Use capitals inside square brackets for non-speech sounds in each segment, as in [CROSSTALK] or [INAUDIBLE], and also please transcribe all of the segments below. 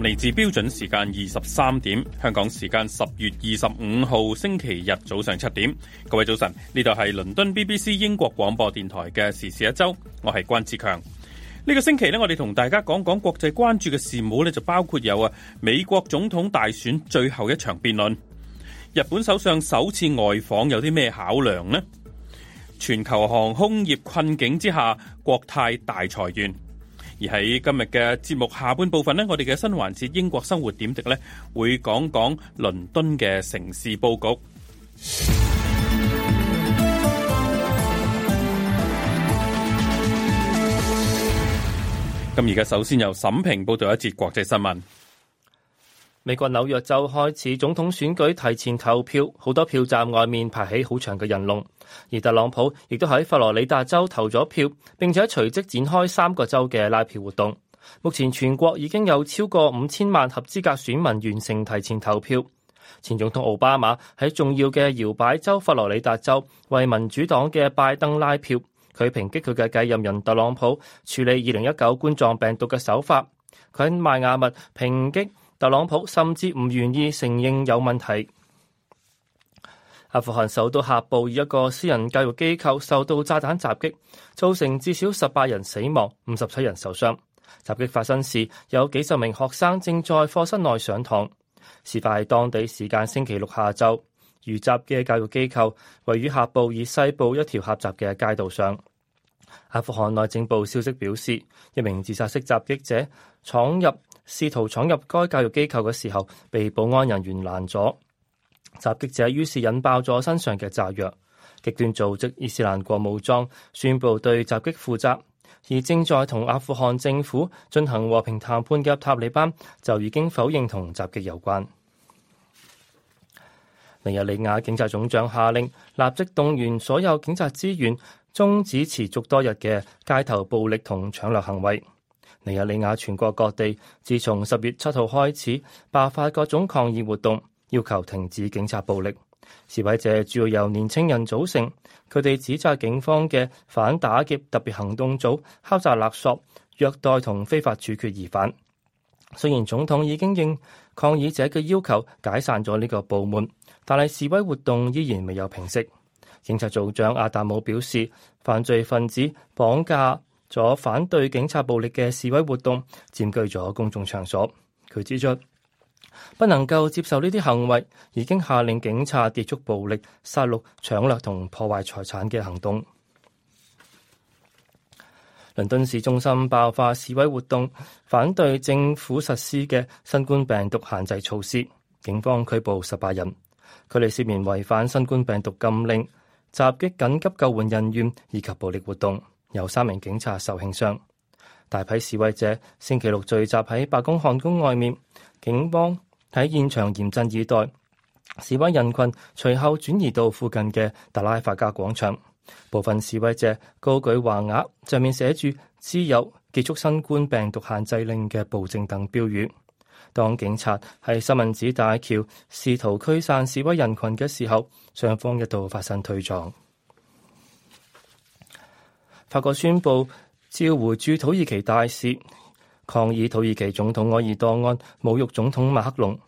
嚟自標準時間二十三點，香港時間十月二十五號星期日早上七點，各位早晨，呢度係倫敦 BBC 英國廣播電台嘅時事一周，我係關志強。呢個星期咧，我哋同大家講講國際關注嘅事務咧，就包括有啊，美國總統大選最後一場辯論，日本首相首次外訪有啲咩考量呢？全球航空業困境之下，國泰大裁員。而喺今日嘅節目下半部分呢，我哋嘅新環節《英國生活點滴》呢，會講講倫敦嘅城市佈局。咁而家首先由沈平報道一節國際新聞。美國紐約州開始總統選舉提前投票，好多票站外面排起好長嘅人龍。而特朗普亦都喺佛羅里達州投咗票，並且隨即展開三個州嘅拉票活動。目前全國已經有超過五千萬合資格選民完成提前投票。前總統奧巴馬喺重要嘅搖擺州佛羅里達州為民主黨嘅拜登拉票，佢抨擊佢嘅繼任人特朗普處理二零一九冠狀病毒嘅手法。佢喺邁阿密抨擊。特朗普甚至唔願意承認有問題。阿富汗首都喀布爾一個私人教育機構受到炸彈襲擊，造成至少十八人死亡、五十七人受傷。襲擊發生時，有幾十名學生正在課室內上堂。事發喺當地時間星期六下晝。遇襲嘅教育機構位於喀布爾西部一條狹窄嘅街道上。阿富汗內政部消息表示，一名自殺式襲擊者闖入。試圖闖入該教育機構嘅時候，被保安人員攔阻。襲擊者於是引爆咗身上嘅炸藥，極端組織伊斯蘭國武裝宣佈對襲擊負責。而正在同阿富汗政府進行和平談判嘅塔利班，就已經否認同襲擊有關。尼日利亞警察總長下令立即動員所有警察資源，終止持續多日嘅街頭暴力同搶掠行為。尼日利亞全國各地自從十月七號開始爆發各種抗議活動，要求停止警察暴力。示威者主要由年青人組成，佢哋指責警方嘅反打劫特別行動組敲詐勒索、虐待同非法處決疑犯。雖然總統已經應抗議者嘅要求解散咗呢個部門，但係示威活動依然未有平息。警察總長阿達姆表示，犯罪分子綁架咗反對警察暴力嘅示威活動佔據咗公眾場所。佢指出，不能夠接受呢啲行為，已經下令警察結束暴力殺戮、搶掠同破壞財產嘅行動。倫敦市中心爆發示威活動，反對政府實施嘅新冠病毒限制措施。警方拘捕十八人，佢哋涉嫌違反新冠病毒禁令、襲擊緊急救援人員以及暴力活動。有三名警察受輕傷，大批示威者星期六聚集喺白金漢宮外面，警方喺現場嚴陣以待。示威人群隨後轉移到附近嘅特拉法加廣場，部分示威者高舉橫額，上面寫住“自由結束新冠病毒限制令”嘅暴政等標語。當警察喺西敏寺大橋試圖驅散示威人群嘅時候，雙方一度發生推撞。法國宣布召回駐土耳其大使，抗議土耳其總統埃爾多安侮辱總統馬克龍。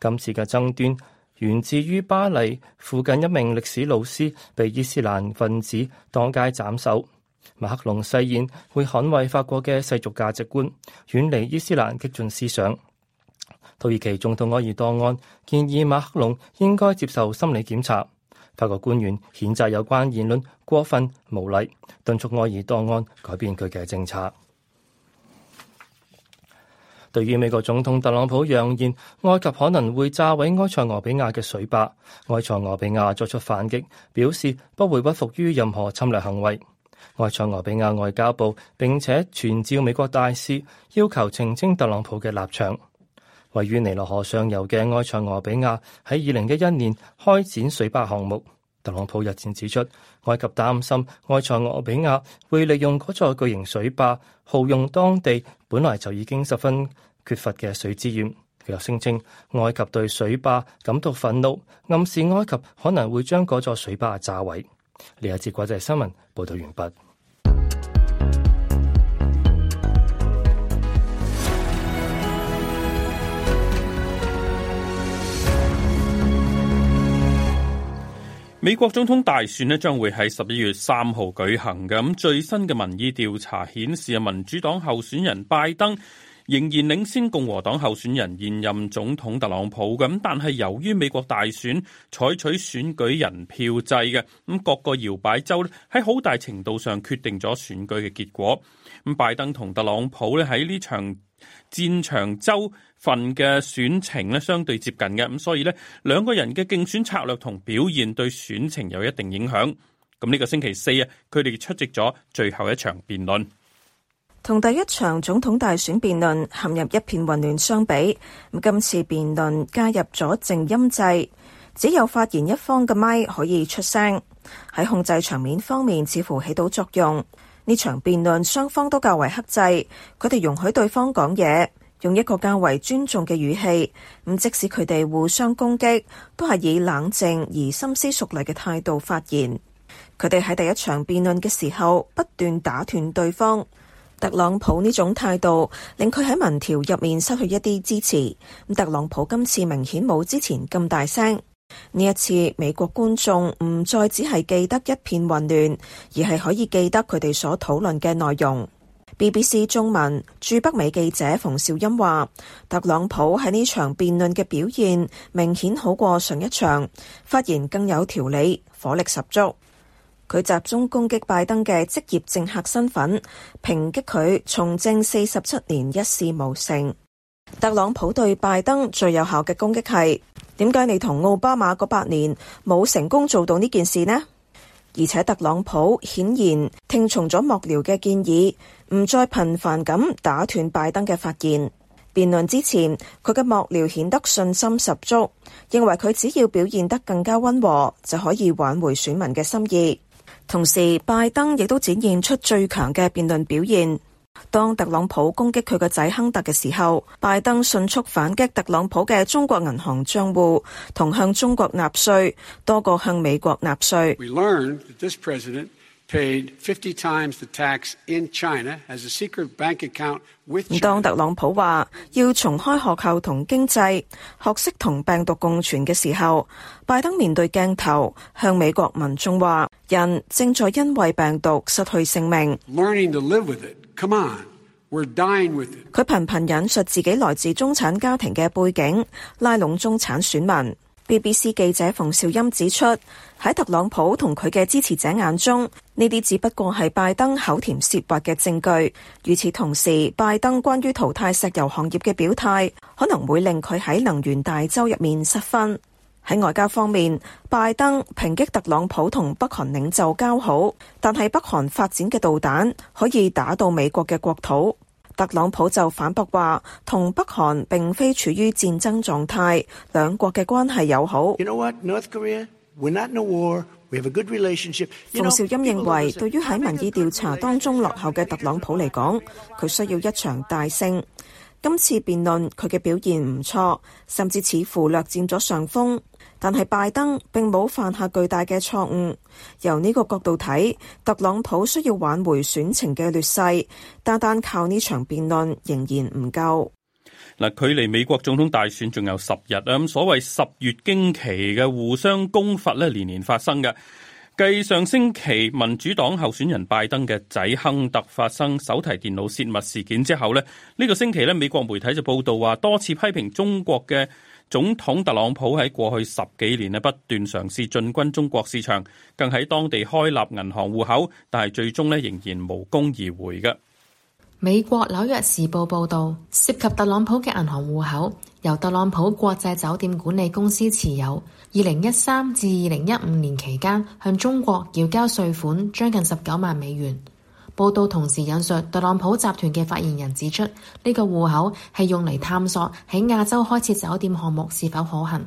今次嘅爭端源自於巴黎附近一名歷史老師被伊斯蘭分子當街斬首。馬克龍誓言會捍衛法國嘅世俗價值觀，遠離伊斯蘭激進思想。土耳其總統埃爾多安建議馬克龍應該接受心理檢查。法國官員譴責有關言論過分無禮，敦促埃爾多安改變佢嘅政策。 [MUSIC] 對於美國總統特朗普揚言埃及可能會炸毀埃塞俄比亞嘅水壩，埃塞俄比亞作出反擊，表示不會屈服於任何侵略行為。埃塞俄比亞外交部並且傳召美國大使，要求澄清特朗普嘅立場。位於尼羅河上游嘅埃塞俄比亞喺二零一一年開展水壩項目。特朗普日前指出，埃及擔心埃塞俄比亞會利用嗰座巨型水壩，耗用當地本來就已經十分缺乏嘅水資源。佢又聲稱，埃及對水壩感到憤怒，暗示埃及可能會將嗰座水壩炸毀。呢一節國際新聞報道完畢。美國總統大選呢將會喺十一月三號舉行嘅，咁最新嘅民意調查顯示，民主黨候選人拜登仍然領先共和黨候選人現任總統特朗普，咁但係由於美國大選採取選舉人票制嘅，咁各個搖擺州喺好大程度上決定咗選舉嘅結果，咁拜登同特朗普呢喺呢場。戰場州份嘅選情咧，相對接近嘅，咁所以咧，兩個人嘅競選策略同表現對選情有一定影響。咁呢個星期四啊，佢哋出席咗最後一場辯論。同第一場總統大選辯論陷入一片混亂相比，咁今次辯論加入咗靜音制，只有發言一方嘅咪可以出聲，喺控制場面方面，似乎起到作用。呢場辯論，雙方都較為克制，佢哋容許對方講嘢，用一個較為尊重嘅語氣。咁即使佢哋互相攻擊，都係以冷靜而深思熟慮嘅態度發言。佢哋喺第一場辯論嘅時候不斷打斷對方。特朗普呢種態度令佢喺民調入面失去一啲支持。特朗普今次明顯冇之前咁大聲。呢一次，美國觀眾唔再只係記得一片混亂，而係可以記得佢哋所討論嘅內容。BBC 中文駐北美記者馮兆音話：特朗普喺呢場辯論嘅表現明顯好過上一場，發言更有條理，火力十足。佢集中攻擊拜登嘅職業政客身份，抨擊佢從政四十七年一事無成。特朗普對拜登最有效嘅攻擊係：點解你同奧巴馬嗰八年冇成功做到呢件事呢？而且特朗普顯然聽從咗幕僚嘅建議，唔再頻繁咁打斷拜登嘅發言。辯論之前，佢嘅幕僚顯得信心十足，認為佢只要表現得更加溫和，就可以挽回選民嘅心意。同時，拜登亦都展現出最強嘅辯論表現。當特朗普攻擊佢個仔亨特嘅時候，拜登迅速反擊特朗普嘅中國銀行賬戶，同向中國納稅，多過向美國納稅。當特朗普話要重開學校同經濟，學識同病毒共存嘅時候，拜登面對鏡頭向美國民眾話：人正在因為病毒失去性命。Learning to live with it. 佢頻頻引述自己來自中產家庭嘅背景，拉攏中產選民。BBC 記者馮兆音指出，喺特朗普同佢嘅支持者眼中，呢啲只不過係拜登口甜舌滑嘅證據。與此同時，拜登關於淘汰石油行業嘅表態，可能會令佢喺能源大州入面失分。喺外交方面，拜登抨擊特朗普同北韓領袖交好，但係北韓發展嘅導彈可以打到美國嘅國土。特朗普就反駁話，同北韓並非處於戰爭狀態，兩國嘅關係友好。馮兆音認為，對於喺民意調查當中落後嘅特朗普嚟講，佢需要一場大勝。今次辯論佢嘅表現唔錯，甚至似乎略佔咗上風。但係拜登並冇犯下巨大嘅錯誤。由呢個角度睇，特朗普需要挽回選情嘅劣勢，單單靠呢場辯論仍然唔夠。嗱，距離美國總統大選仲有十日啦。咁所謂十月驚奇嘅互相攻伐咧，年年發生嘅。繼上星期民主黨候選人拜登嘅仔亨特發生手提電腦泄密事件之後咧，呢、呢個星期咧，美國媒體就報道話多次批評中國嘅。總統特朗普喺過去十幾年呢，不斷嘗試進軍中國市場，更喺當地開立銀行戶口，但係最終呢仍然無功而回嘅。美國紐約時報報道，涉及特朗普嘅銀行戶口由特朗普國際酒店管理公司持有，二零一三至二零一五年期間向中國繳交稅款將近十九萬美元。報道同時引述特朗普集團嘅發言人指出，呢、這個戶口係用嚟探索喺亞洲開設酒店項目是否可行。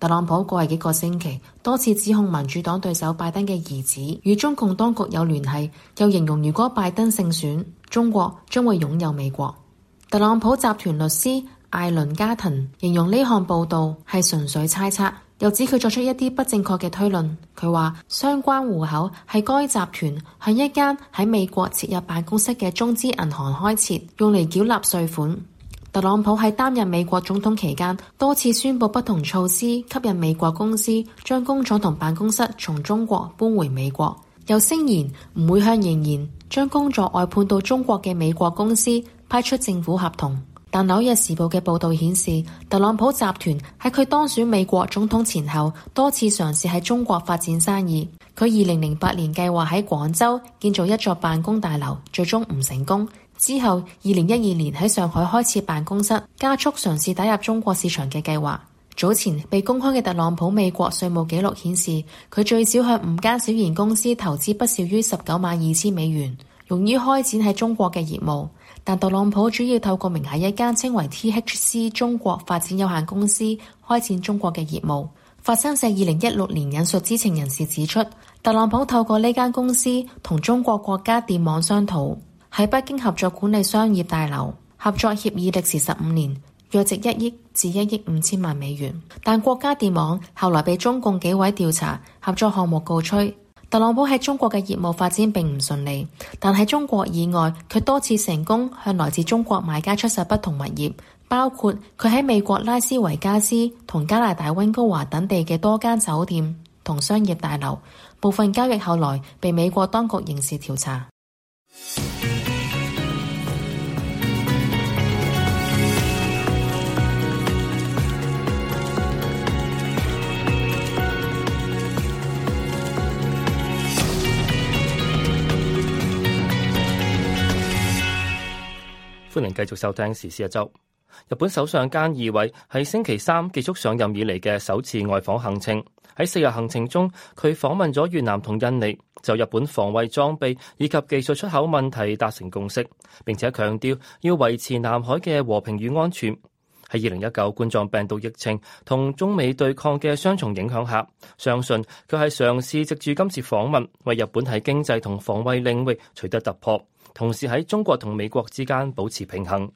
特朗普過去幾個星期多次指控民主黨對手拜登嘅兒子與中共當局有聯繫，又形容如果拜登勝選，中國將會擁有美國。特朗普集團律師艾倫·加藤形容呢項報道係純粹猜測。又指佢作出一啲不正確嘅推論，佢話相關戶口係該集團向一間喺美國設入辦公室嘅中資銀行開設，用嚟繳納稅款。特朗普喺擔任美國總統期間，多次宣布不同措施吸引美國公司將工廠同辦公室從中國搬回美國，又聲言唔會向仍然將工作外判到中國嘅美國公司派出政府合同。但《紐約時報》嘅報道顯示，特朗普集團喺佢當選美國總統前後多次嘗試喺中國發展生意。佢二零零八年計劃喺廣州建造一座辦公大樓，最終唔成功。之後二零一二年喺上海開設辦公室，加速嘗試打入中國市場嘅計劃。早前被公開嘅特朗普美國稅務記錄顯示，佢最少向五間小型公司投資不少於十九萬二千美元，用於開展喺中國嘅業務。但特朗普主要透過名下一間稱為 THC 中國發展有限公司，開展中國嘅業務。法新社二零一六年引述知情人士指出，特朗普透過呢間公司同中國國家電網商討喺北京合作管理商業大樓合作協議，歷時十五年，約值一億至一億五千萬美元。但國家電網後來被中共紀委調查，合作項目告吹。特朗普喺中國嘅業務發展並唔順利，但喺中國以外，佢多次成功向來自中國買家出售不同物業，包括佢喺美國拉斯維加斯同加拿大溫哥華等地嘅多間酒店同商業大樓。部分交易後來被美國當局刑事調查。歡迎繼續收聽時事一周。日本首相菅義偉喺星期三結束上任以嚟嘅首次外訪行程。喺四日行程中，佢訪問咗越南同印尼，就日本防衛裝備以及技術出口問題達成共識，並且強調要維持南海嘅和平與安全。喺二零一九冠狀病毒疫情同中美對抗嘅雙重影響下，相信佢係嘗試藉住今次訪問，為日本喺經濟同防衛領域取得突破，同時喺中國同美國之間保持平衡。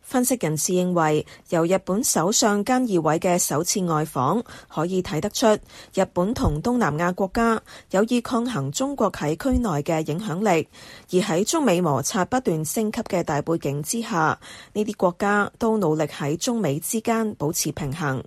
分析人士認為，由日本首相菅義偉嘅首次外訪可以睇得出，日本同東南亞國家有意抗衡中國喺區內嘅影響力，而喺中美摩擦不斷升級嘅大背景之下，呢啲國家都努力喺中美之間保持平衡。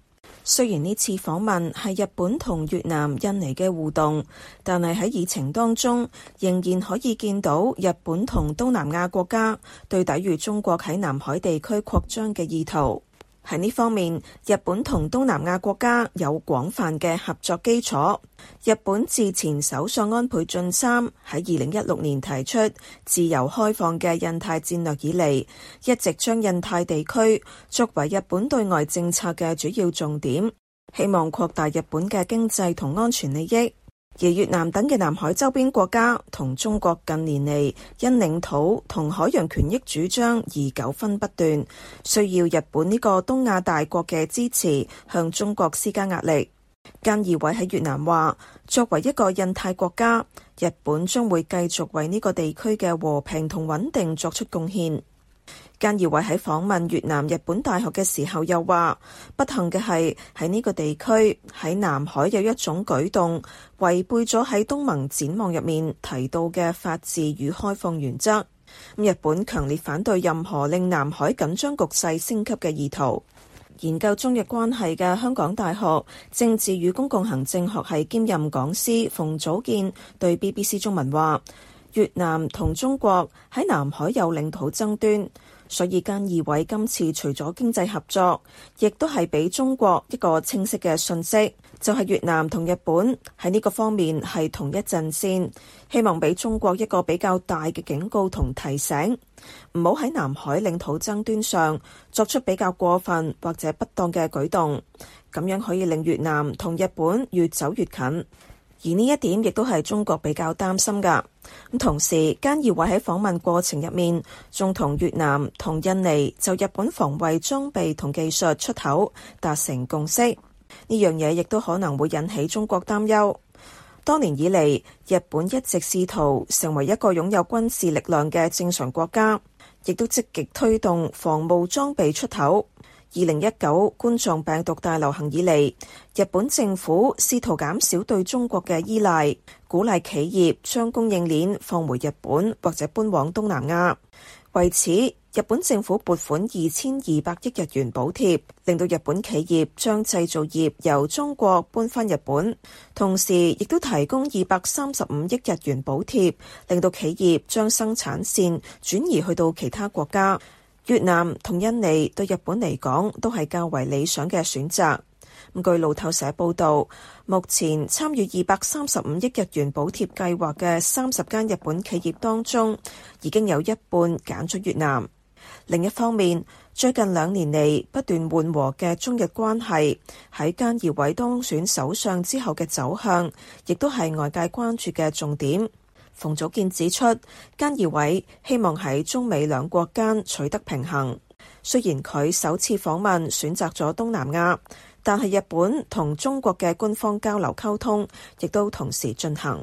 雖然呢次訪問係日本同越南、印尼嘅互動，但係喺疫情當中，仍然可以見到日本同東南亞國家對抵御中國喺南海地區擴張嘅意圖。喺呢方面，日本同東南亞國家有廣泛嘅合作基礎。日本自前首相安倍晉三喺二零一六年提出自由開放嘅印太戰略以嚟，一直將印太地區作為日本對外政策嘅主要重點，希望擴大日本嘅經濟同安全利益。而越南等嘅南海周邊國家同中國近年嚟因領土同海洋權益主張而糾紛不斷，需要日本呢個東亞大國嘅支持，向中國施加壓力。菅義偉喺越南話：作為一個印太國家，日本將會繼續為呢個地區嘅和平同穩定作出貢獻。菅義偉喺訪問越南日本大學嘅時候又話：不幸嘅係喺呢個地區喺南海有一種舉動違背咗喺東盟展望入面提到嘅法治與開放原則。日本強烈反對任何令南海緊張局勢升級嘅意圖。研究中日關係嘅香港大學政治與公共行政學系兼任講師馮祖建對 BBC 中文話：越南同中國喺南海有領土爭端。所以，菅義偉今次除咗經濟合作，亦都係俾中國一個清晰嘅訊息，就係越南同日本喺呢個方面係同一陣線，希望俾中國一個比較大嘅警告同提醒，唔好喺南海領土爭端上作出比較過分或者不當嘅舉動，咁樣可以令越南同日本越走越近。而呢一點亦都係中國比較擔心噶，咁。同時，菅義偉喺訪問過程入面，仲同越南同印尼就日本防衛裝備同技術出口達成共識，呢樣嘢亦都可能會引起中國擔憂，多年以嚟，日本一直試圖成為一個擁有軍事力量嘅正常國家，亦都積極推動防務裝備出口。二零一九冠狀病毒大流行以嚟，日本政府試圖減少對中國嘅依賴，鼓勵企業將供應鏈放回日本或者搬往東南亞。為此，日本政府撥款二千二百億日元補貼，令到日本企業將製造業由中國搬返日本，同時亦都提供二百三十五億日元補貼，令到企業將生產線轉移去到其他國家。越南同印尼對日本嚟講都係較為理想嘅選擇。咁據路透社報導，目前參與二百三十五億日元補貼計劃嘅三十間日本企業當中，已經有一半揀咗越南。另一方面，最近兩年嚟不斷緩和嘅中日關係，喺菅義偉當選首相之後嘅走向，亦都係外界關注嘅重點。馮祖健指出，菅義偉希望喺中美兩國間取得平衡。雖然佢首次訪問選擇咗東南亞，但係日本同中國嘅官方交流溝通亦都同時進行。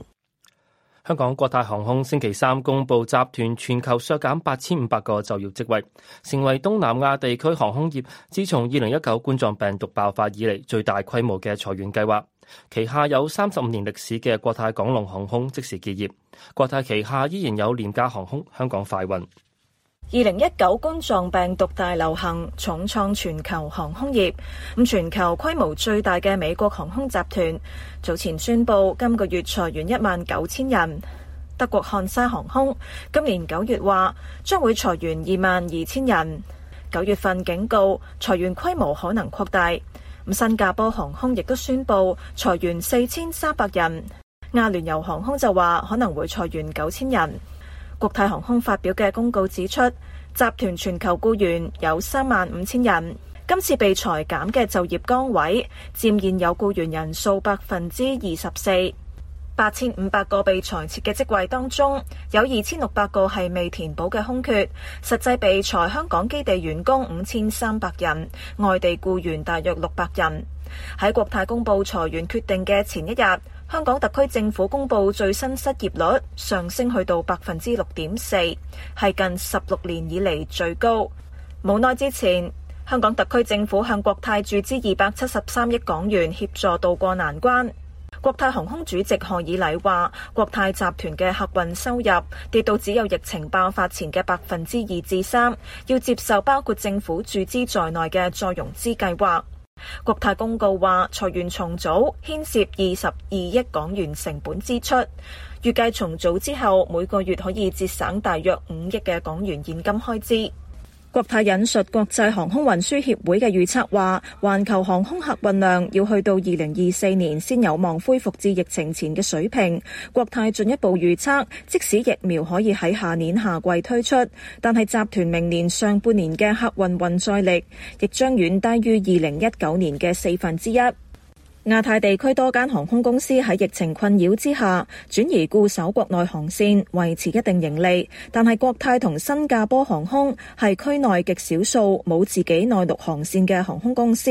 香港國泰航空星期三公布，集團全球削減八千五百個就業職位，成為東南亞地區航空業自從二零一九冠狀病毒爆發以嚟最大規模嘅裁員計劃。旗下有三十五年歷史嘅國泰港龍航空即時結業，國泰旗下依然有廉價航空香港快運。二零一九冠狀病毒大流行重創全球航空業，咁全球規模最大嘅美國航空集團早前宣布今個月裁員一萬九千人，德國漢莎航空今年九月話將會裁員二萬二千人，九月份警告裁員規模可能擴大。咁新加坡航空亦都宣布裁員四千三百人，阿聯酋航空就話可能會裁員九千人。國泰航空發表嘅公告指出，集團全球僱員有三萬五千人，今次被裁減嘅就業崗位佔現有僱員人數百分之二十四。八千五百個被裁撤嘅職位當中，有二千六百個係未填補嘅空缺，實際被裁香港基地員工五千三百人，外地僱員大約六百人。喺國泰公布裁員決定嘅前一日，香港特區政府公布最新失業率上升去到百分之六點四，係近十六年以嚟最高。冇耐之前，香港特區政府向國泰注資二百七十三億港元，協助渡過難關。國泰航空主席賀以禮話：國泰集團嘅客運收入跌到只有疫情爆發前嘅百分之二至三，要接受包括政府注資在內嘅再融資計劃。國泰公告話裁員重組牽涉二十二億港元成本支出，預計重組之後每個月可以節省大約五億嘅港元現金開支。國泰引述國際航空運輸協會嘅預測話，環球航空客運量要去到二零二四年先有望恢復至疫情前嘅水平。國泰進一步預測，即使疫苗可以喺下年夏季推出，但係集團明年上半年嘅客運運載力，亦將遠低於二零一九年嘅四分之一。亞太地區多間航空公司喺疫情困擾之下，轉而固守國內航線，維持一定盈利。但係國泰同新加坡航空係區內極少數冇自己內陸航線嘅航空公司，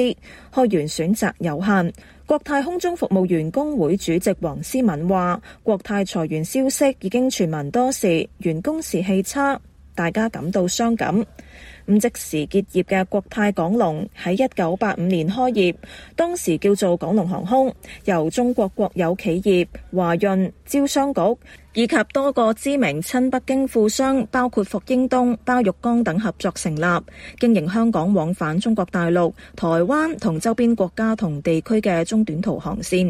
開源選擇有限。國泰空中服務員工會主席黃思敏話：國泰裁員消息已經傳聞多時，員工士氣差，大家感到傷感。五即時結業嘅國泰港龍喺一九八五年開業，當時叫做港龍航空，由中國國有企業華潤招商局。以及多個知名親北京富商，包括霍英東、包玉剛等合作成立，經營香港往返中國大陸、台灣同周邊國家同地區嘅中短途航線。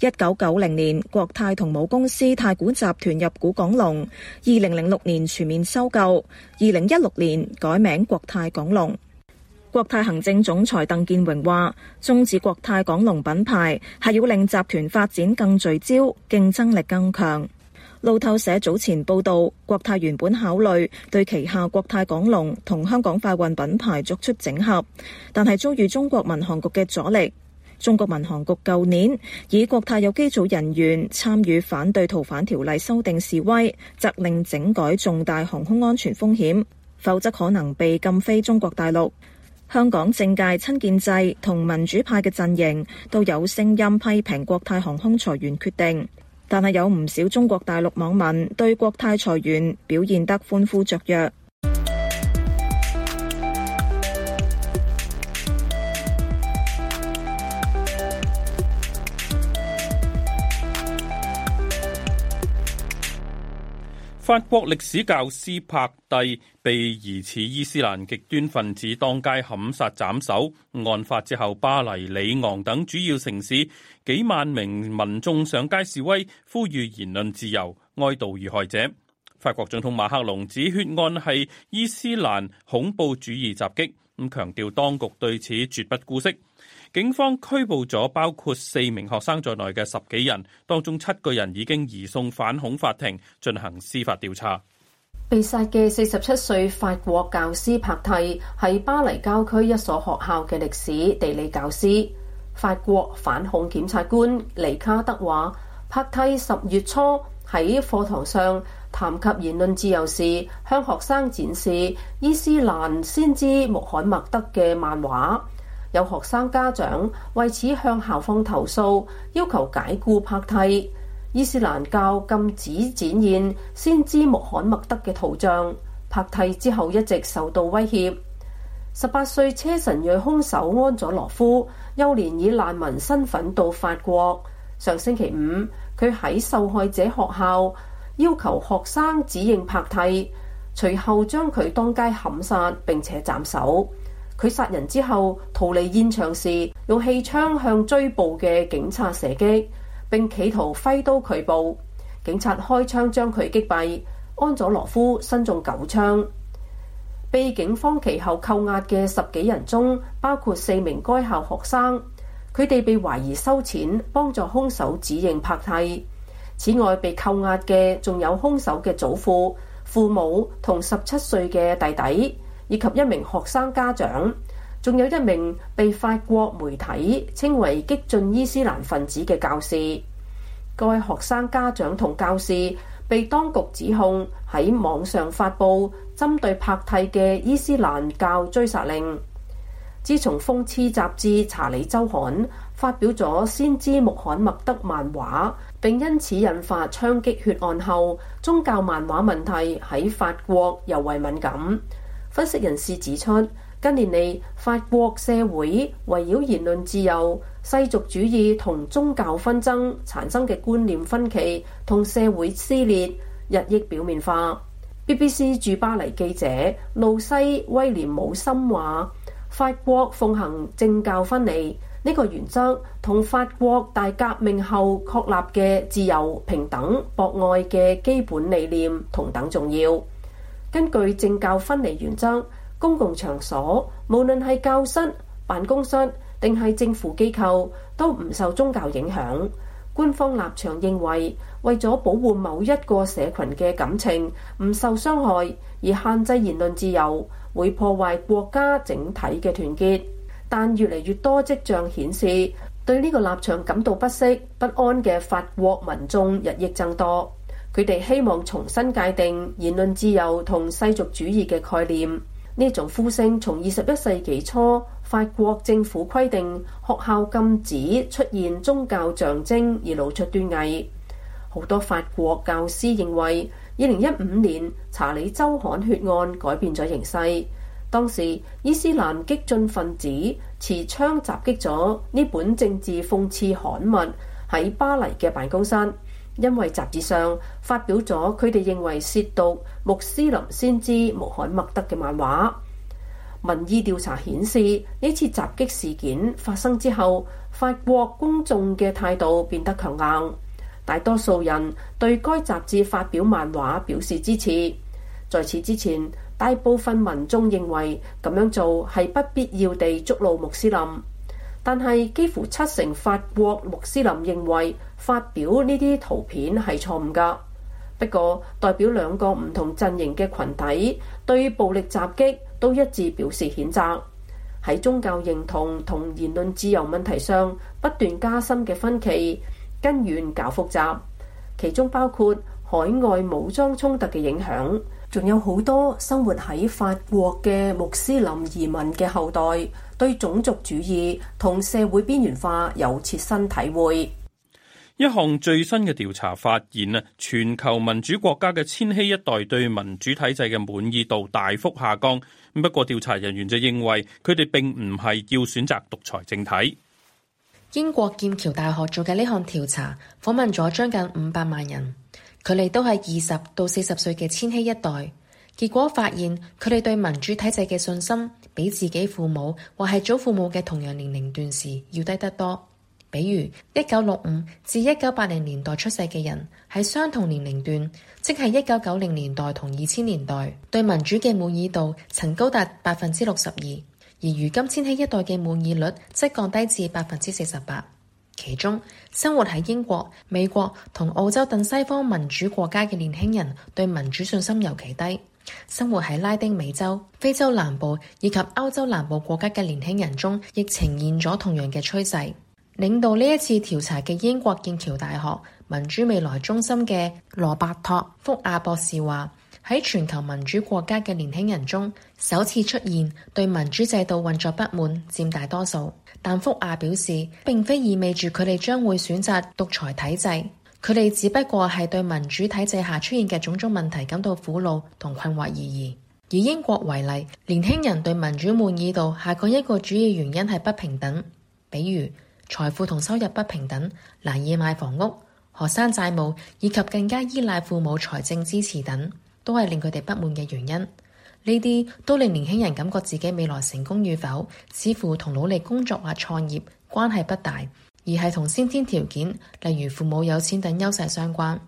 一九九零年，國泰同母公司太古集團入股港龍。二零零六年全面收購，二零一六年改名國泰港龍。國泰行政總裁鄧建榮話：中止國泰港龍品牌係要令集團發展更聚焦，競爭力更強。路透社早前報道，國泰原本考慮對旗下國泰港龍同香港快運品牌作出整合，但係遭遇中國民航局嘅阻力。中國民航局舊年以國泰有機組人員參與反對逃犯條例修訂示威，責令整改重大航空安全風險，否則可能被禁飛中國大陸。香港政界親建制同民主派嘅陣營都有聲音批評國泰航空裁員決定。但係有唔少中國大陸網民對國泰裁員表現得歡呼雀躍。法國歷史教師柏蒂，被疑似伊斯蘭極端分子當街砍殺斬首，案發之後，巴黎、里昂等主要城市幾萬名民眾上街示威，呼籲言論自由、哀悼遇害者。法國總統馬克龍指血案係伊斯蘭恐怖主義襲擊，咁強調當局對此絕不姑息。警方拘捕咗包括四名學生在內嘅十幾人，當中七個人已經移送反恐法庭進行司法調查。被殺嘅四十七歲法國教師帕蒂，係巴黎郊區一所學校嘅歷史地理教師。法國反恐檢察官尼卡德話，帕蒂十月初喺課堂上談及言論自由時，向學生展示伊斯蘭先知穆罕默德嘅漫畫。有學生家長為此向校方投訴，要求解僱帕蒂。伊斯蘭教禁止展現先知穆罕默德嘅圖像。柏蒂之後一直受到威脅。十八歲車臣裔凶手安佐羅夫，幼年以難民身份到法國。上星期五，佢喺受害者學校要求學生指認柏蒂，隨後將佢當街砍殺，並且斬首。佢殺人之後逃離現場時，用氣槍向追捕嘅警察射擊。並企圖揮刀拒捕，警察開槍將佢擊斃。安佐羅夫身中九槍，被警方其後扣押嘅十幾人中，包括四名該校學生，佢哋被懷疑收錢幫助兇手指認帕蒂。此外，被扣押嘅仲有兇手嘅祖父、父母同十七歲嘅弟弟以及一名學生家長。仲有一名被法國媒體稱為激進伊斯蘭分子嘅教師，該學生家長同教師被當局指控喺網上發布針對帕蒂嘅伊斯蘭教追殺令。自從諷刺雜誌查理周刊發表咗先知穆罕默德漫畫，並因此引發槍擊血案後，宗教漫畫問題喺法國尤為敏感。分析人士指出，近年嚟，法國社會圍繞言論自由、世俗主義同宗教紛爭產生嘅觀念分歧同社會撕裂日益表面化。BBC 駐巴黎記者路西威廉姆森話：法國奉行政教分離呢個原則，同法國大革命後確立嘅自由、平等、博愛嘅基本理念同等重要。根據政教分離原則。公共場所，無論係教室、辦公室定係政府機構，都唔受宗教影響。官方立場認為，為咗保護某一個社群嘅感情唔受傷害，而限制言論自由，會破壞國家整體嘅團結。但越嚟越多跡象顯示，對呢個立場感到不適不安嘅法國民眾日益增多。佢哋希望重新界定言論自由同世俗主義嘅概念。呢種呼聲從二十一世紀初，法國政府規定學校禁止出現宗教象徵而露出端倪。好多法國教師認為，二零一五年查理周刊血案改變咗形勢。當時伊斯蘭激進分子持槍襲擊咗呢本政治諷刺刊物喺巴黎嘅辦公室。因為雜誌上發表咗佢哋認為褻瀆穆斯林先知穆罕默德嘅漫畫，民意調查顯示呢次襲擊事件發生之後，法國公眾嘅態度變得強硬，大多數人對該雜誌發表漫畫表示支持。在此之前，大部分民眾認為咁樣做係不必要地捉弄穆斯林。但係，幾乎七成法國穆斯林認為發表呢啲圖片係錯誤㗎。不過，代表兩個唔同陣營嘅群體對暴力襲擊都一致表示譴責。喺宗教認同同言論自由問題上不斷加深嘅分歧，根源較複雜，其中包括海外武裝衝突嘅影響，仲有好多生活喺法國嘅穆斯林移民嘅後代。對種族主義同社會邊緣化有切身體會。一項最新嘅調查發現啊，全球民主國家嘅千禧一代對民主體制嘅滿意度大幅下降。不過調查人員就認為，佢哋並唔係要選擇獨裁政體。英國劍橋大學做嘅呢項調查，訪問咗將近五百萬人，佢哋都係二十到四十歲嘅千禧一代。結果發現，佢哋對民主體制嘅信心，比自己父母或係祖父母嘅同樣年齡段時要低得多。比如一九六五至一九八零年代出世嘅人喺相同年齡段，即係一九九零年代同二千年代，對民主嘅滿意度曾高達百分之六十二，而如今千禧一代嘅滿意率則降低至百分之四十八。其中，生活喺英國、美國同澳洲等西方民主國家嘅年輕人對民主信心尤其低。生活喺拉丁美洲、非洲南部以及歐洲南部國家嘅年輕人中，亦呈現咗同樣嘅趨勢。領導呢一次調查嘅英國劍橋大學民主未來中心嘅羅伯托·福亞博士話，喺全球民主國家嘅年輕人中，首次出現對民主制度運作不滿佔大多數，但福亞表示，並非意味住佢哋將會選擇獨裁體制。佢哋只不過係對民主體制下出現嘅種種問題感到苦惱同困惑而已。以英國為例，年輕人對民主滿意度下降一個主要原因係不平等，比如財富同收入不平等，難以買房屋、學生債務以及更加依賴父母財政支持等，都係令佢哋不滿嘅原因。呢啲都令年輕人感覺自己未來成功與否，似乎同努力工作或創業關係不大。而係同先天條件，例如父母有錢等優勢相關。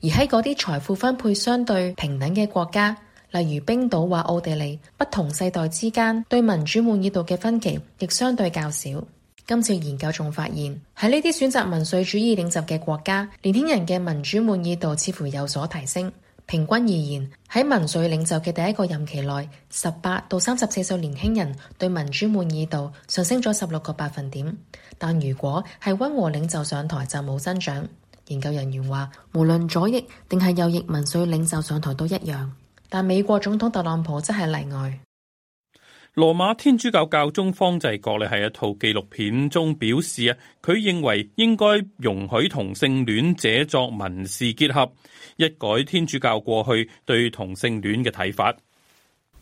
而喺嗰啲財富分配相對平等嘅國家，例如冰島或奧地利，不同世代之間對民主滿意度嘅分歧亦相對較少。今次研究仲發現，喺呢啲選擇民粹主義領袖嘅國家，年輕人嘅民主滿意度似乎有所提升。平均而言，喺民粹領袖嘅第一個任期內，十八到三十四歲年輕人對民主滿意度上升咗十六個百分點。但如果係溫和領袖上台就冇增長。研究人員話，無論左翼定係右翼民粹領袖上台都一樣，但美國總統特朗普則係例外。羅馬天主教教宗方濟各喺一套紀錄片中表示啊，佢認為應該容許同性戀者作民事結合。一改天主教過去對同性戀嘅睇法。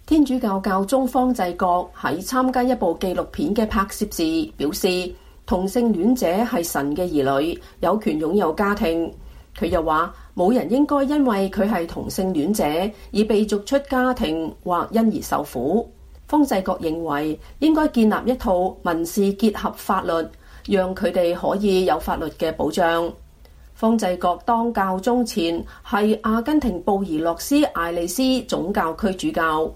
天主教教宗方濟各喺參加一部紀錄片嘅拍攝時表示，同性戀者係神嘅兒女，有權擁有家庭。佢又話，冇人應該因為佢係同性戀者而被逐出家庭或因而受苦。方濟各認為，應該建立一套民事結合法律，讓佢哋可以有法律嘅保障。方濟各當教宗前係阿根廷布宜諾斯艾利斯總教區主教，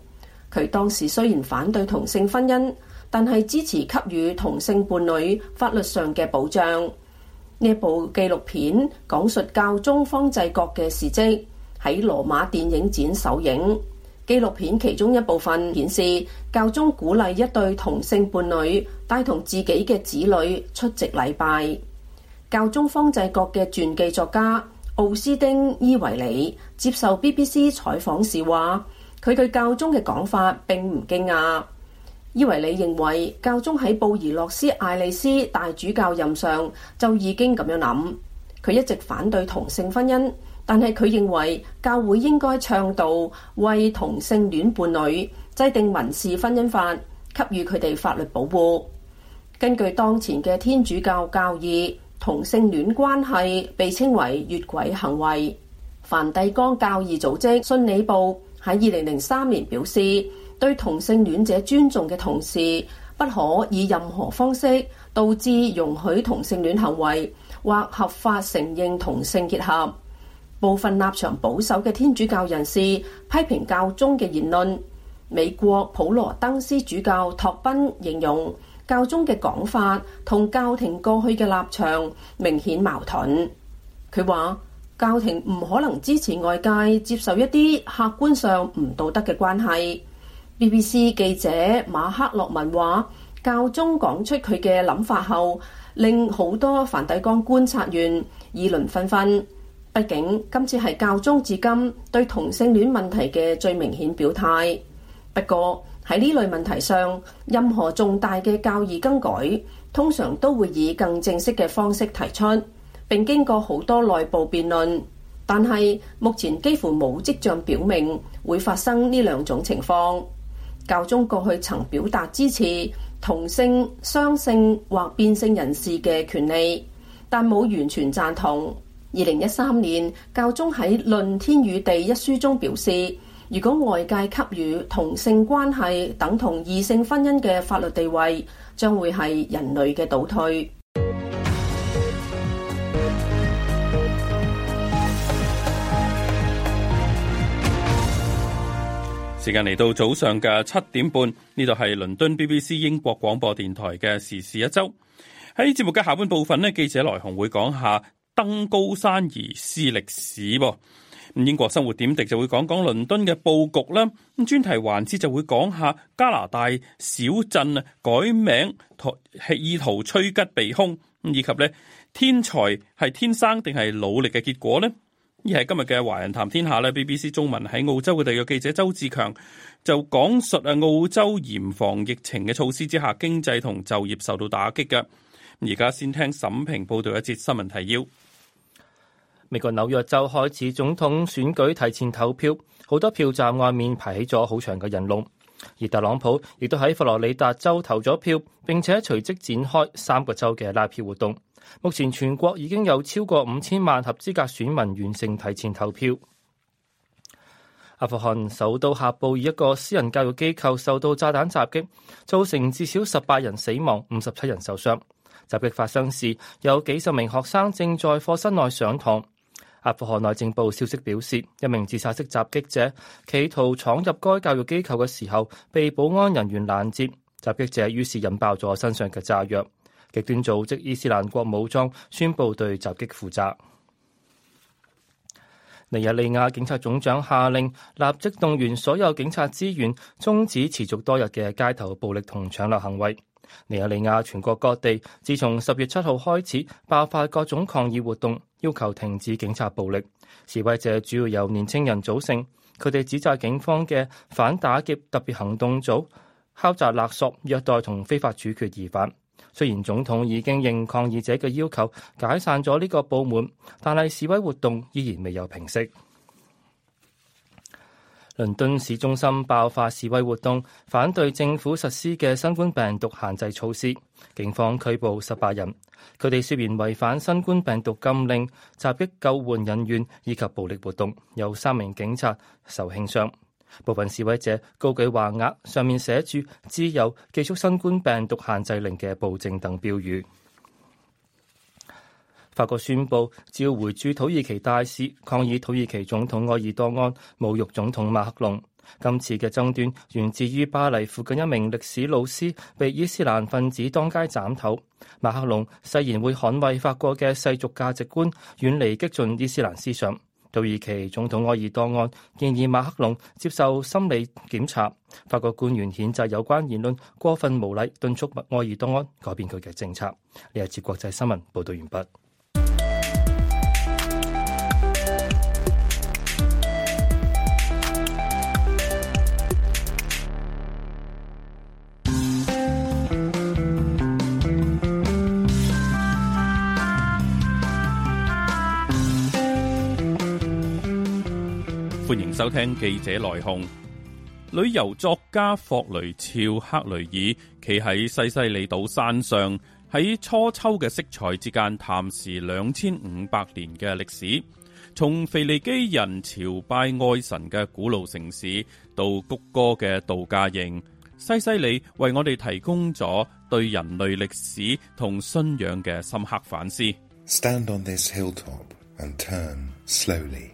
佢當時雖然反對同性婚姻，但係支持給予同性伴侶法律上嘅保障。呢部紀錄片講述教宗方濟各嘅事蹟，喺羅馬電影展首映。紀錄片其中一部分顯示，教宗鼓勵一對同性伴侶帶同自己嘅子女出席禮拜。教宗方濟各嘅傳記作家奧斯丁·伊維里接受 BBC 採訪時話，佢對教宗嘅講法並唔驚訝。伊維里認為教宗喺布宜諾斯·艾利斯大主教任上就已經咁樣諗。佢一直反對同性婚姻，但係佢認為教會應該倡導為同性戀伴侶制定民事婚姻法，給予佢哋法律保護。根據當前嘅天主教教義，同性戀關係被稱為越軌行為。梵蒂岡教義組織信理部喺二零零三年表示，對同性戀者尊重嘅同時，不可以任何方式導致容許同性戀行為或合法承認同性結合。部分立場保守嘅天主教人士批評教宗嘅言論。美國普羅登斯主教托賓形容。教宗嘅講法同教廷過去嘅立場明顯矛盾。佢話，教廷唔可能支持外界接受一啲客觀上唔道德嘅關係。BBC 記者馬克洛文話：教宗講出佢嘅諗法後，令好多梵蒂岡觀察員議論紛紛。畢竟今次係教宗至今對同性戀問題嘅最明顯表態。不過，喺呢類問題上，任何重大嘅教義更改通常都會以更正式嘅方式提出，並經過好多內部辯論。但係目前幾乎冇跡象表明會發生呢兩種情況。教宗過去曾表達支持同性、雙性或變性人士嘅權利，但冇完全贊同。二零一三年，教宗喺《論天與地》一書中表示：如果外界給予同性關係等同異性婚姻嘅法律地位，將會係人類嘅倒退。時間嚟到早上嘅七點半，呢度係倫敦 BBC 英國廣播電台嘅時事一周。喺節目嘅下半部分咧，記者來鴻會講下登高山而思歷史噃。英國生活點滴就會講講倫敦嘅布局啦，咁專題環節就會講下加拿大小鎮啊改名，意圖趨吉避凶，以及咧天才係天生定係努力嘅結果呢，而係今日嘅華人談天下咧，BBC 中文喺澳洲嘅特約記者周志強就講述啊澳洲嚴防疫情嘅措施之下，經濟同就業受到打擊嘅。而家先聽沈平報道一節新聞提要。美國紐約州開始總統選舉提前投票，好多票站外面排起咗好長嘅人龍。而特朗普亦都喺佛羅里達州投咗票，並且隨即展開三個州嘅拉票活動。目前全國已經有超過五千萬合資格選民完成提前投票。阿富汗首都喀布爾一個私人教育機構受到炸彈襲擊，造成至少十八人死亡、五十七人受傷。襲擊發生時，有幾十名學生正在課室內上堂。阿富汗內政部消息表示，一名自殺式襲擊者企圖闖入該教育機構嘅時候，被保安人員攔截。襲擊者於是引爆咗身上嘅炸藥。極端組織伊斯蘭國武裝宣布對襲擊負責。尼日利亞警察總長下令立即動員所有警察資源，終止持續多日嘅街頭暴力同搶掠行為。尼日利亞全國各地自從十月七號開始爆發各種抗議活動，要求停止警察暴力。示威者主要由年青人組成，佢哋指責警方嘅反打劫特別行動組敲詐勒索、虐待同非法處決疑犯。雖然總統已經應抗議者嘅要求解散咗呢個部門，但係示威活動依然未有平息。倫敦市中心爆發示威活動，反對政府實施嘅新冠病毒限制措施。警方拘捕十八人，佢哋涉嫌違反新冠病毒禁令、襲擊救援人員以及暴力活動，有三名警察受輕傷。部分示威者高舉橫額，上面寫住「自由」、「結束新冠病毒限制令」嘅暴政等標語。法國宣布召回駐土耳其大使，抗議土耳其總統埃爾多安侮辱總統馬克龍。今次嘅爭端源自於巴黎附近一名歷史老師被伊斯蘭分子當街斬頭。馬克龍誓言會捍衛法國嘅世俗價值觀，遠離激進伊斯蘭思想。土耳其總統埃爾多安建議馬克龍接受心理檢查。法國官員譴責有關言論，過分無禮，敦促埃爾多安改變佢嘅政策。呢節國際新聞報道完畢。收聽記者來鴻，旅遊作家霍雷肖·克雷爾企喺西西里島山上，喺初秋嘅色彩之間，探視兩千五百年嘅歷史，從腓尼基人朝拜愛神嘅古老城市，到谷歌嘅度假營，西西里為我哋提供咗對人類歷史同信仰嘅深刻反思。Stand on this hilltop and turn slowly.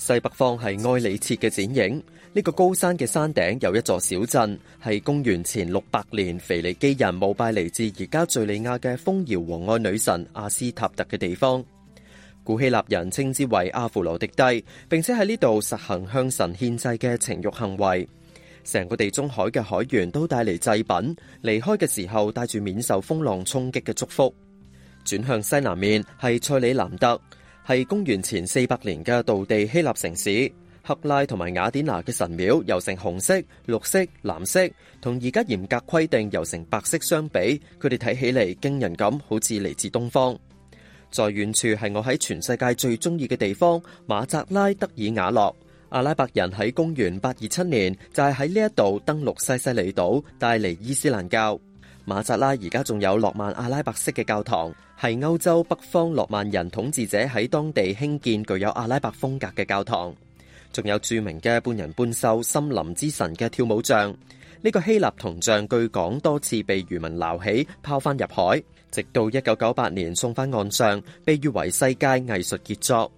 西北方係埃里切嘅剪影，呢、這個高山嘅山頂有一座小鎮，係公元前六百年腓尼基人膜拜嚟自而家敘利亞嘅豐饒王愛女神阿斯塔特嘅地方。古希臘人稱之為阿芙羅狄蒂，並且喺呢度實行向神獻祭嘅情欲行為。成個地中海嘅海員都帶嚟祭品，離開嘅時候帶住免受風浪衝擊嘅祝福。轉向西南面係塞里南特。係公元前四百年嘅道地希臘城市，赫拉同埋雅典娜嘅神廟由成紅色、綠色、藍色，同而家嚴格規定由成白色相比，佢哋睇起嚟驚人咁，好似嚟自東方。在遠處係我喺全世界最中意嘅地方馬扎拉德爾瓦洛，阿拉伯人喺公元八二七年就係喺呢一度登陸西西里島，帶嚟伊斯蘭教。馬扎拉而家仲有諾曼阿拉伯式嘅教堂，係歐洲北方諾曼人統治者喺當地興建具有阿拉伯風格嘅教堂。仲有著名嘅半人半獸森林之神嘅跳舞像，呢、這個希臘銅像據講多次被漁民撈起拋翻入海，直到一九九八年送翻岸上，被譽為世界藝術傑作。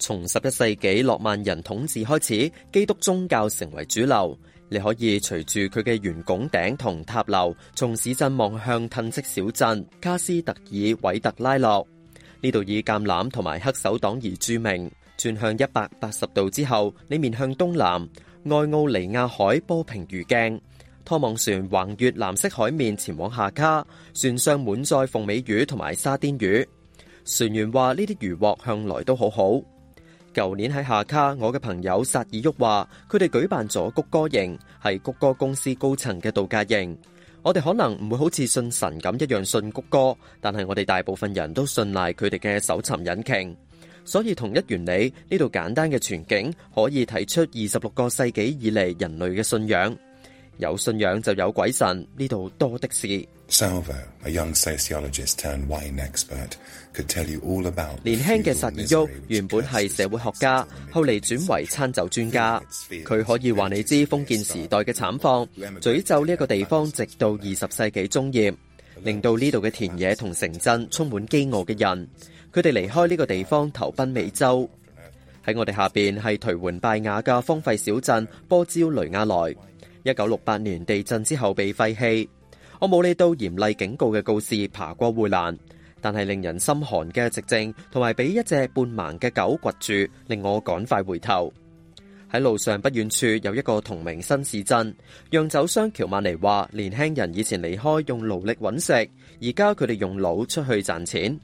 從十一世紀諾曼人統治開始，基督宗教成為主流。你可以隨住佢嘅圓拱頂同塔樓，從市鎮望向褪色小鎮卡斯特爾韋特拉諾。呢度以橄欖同埋黑手黨而著名。轉向一百八十度之後，你面向東南，愛奧尼亞海波平如鏡。拖網船橫越藍色海面，前往下卡。船上滿載鳳尾魚同埋沙甸魚。船員話：呢啲魚獲向來都好好。舊年喺夏卡，我嘅朋友薩爾沃話，佢哋舉辦咗谷歌營，係谷歌公司高層嘅度假營。我哋可能唔會好似信神咁一樣信谷歌，但係我哋大部分人都信賴佢哋嘅搜尋引擎。所以同一原理，呢度簡單嘅全景可以睇出二十六個世紀以嚟人類嘅信仰。有信仰就有鬼神，呢度多的是。Salvo, a young sociologist turned wine expert, could tell you all about。年輕嘅薩爾丘原本係社會學家，後嚟轉為餐酒專家。佢可以話你知，封建時代嘅慘況，詛咒呢一個地方，直到二十世紀中葉，令到呢度嘅田野同城鎮充滿飢餓嘅人。佢哋離開呢個地方，投奔美洲。喺我哋下邊係頹垣敗瓦嘅荒廢小鎮波焦雷亞萊，一九六八年地震之後被廢棄。我冇理到嚴厲警告嘅告示，爬過護欄，但係令人心寒嘅寂靜，同埋俾一隻半盲嘅狗掘住，令我趕快回頭。喺路上不遠處有一個同名新市鎮，釀酒商喬曼尼話：年輕人以前離開用勞力揾食，而家佢哋用腦出去賺錢。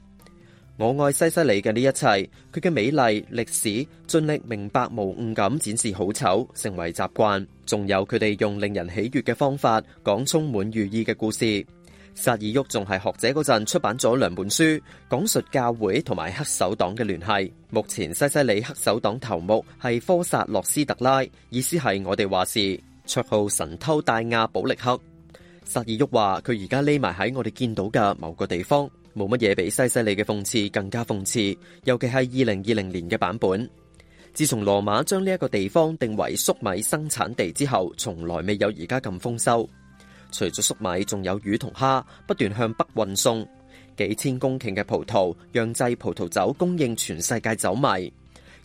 我愛西西里嘅呢一切，佢嘅美麗、歷史，盡力明白無誤咁展示好醜，成為習慣。仲有佢哋用令人喜悦嘅方法，講充滿寓意嘅故事。薩爾沃仲係學者嗰陣出版咗兩本書，講述教會同埋黑手黨嘅聯繫。目前西西里黑手黨頭目係科薩洛斯特拉，意思係我哋話事，綽號神偷大亞保力克。薩爾沃話佢而家匿埋喺我哋見到嘅某個地方。冇乜嘢比西西利嘅諷刺更加諷刺，尤其係二零二零年嘅版本。自從羅馬將呢一個地方定為粟米生產地之後，從來未有而家咁豐收。除咗粟米，仲有魚同蝦不斷向北運送，幾千公頃嘅葡萄釀製葡萄酒，供應全世界酒迷。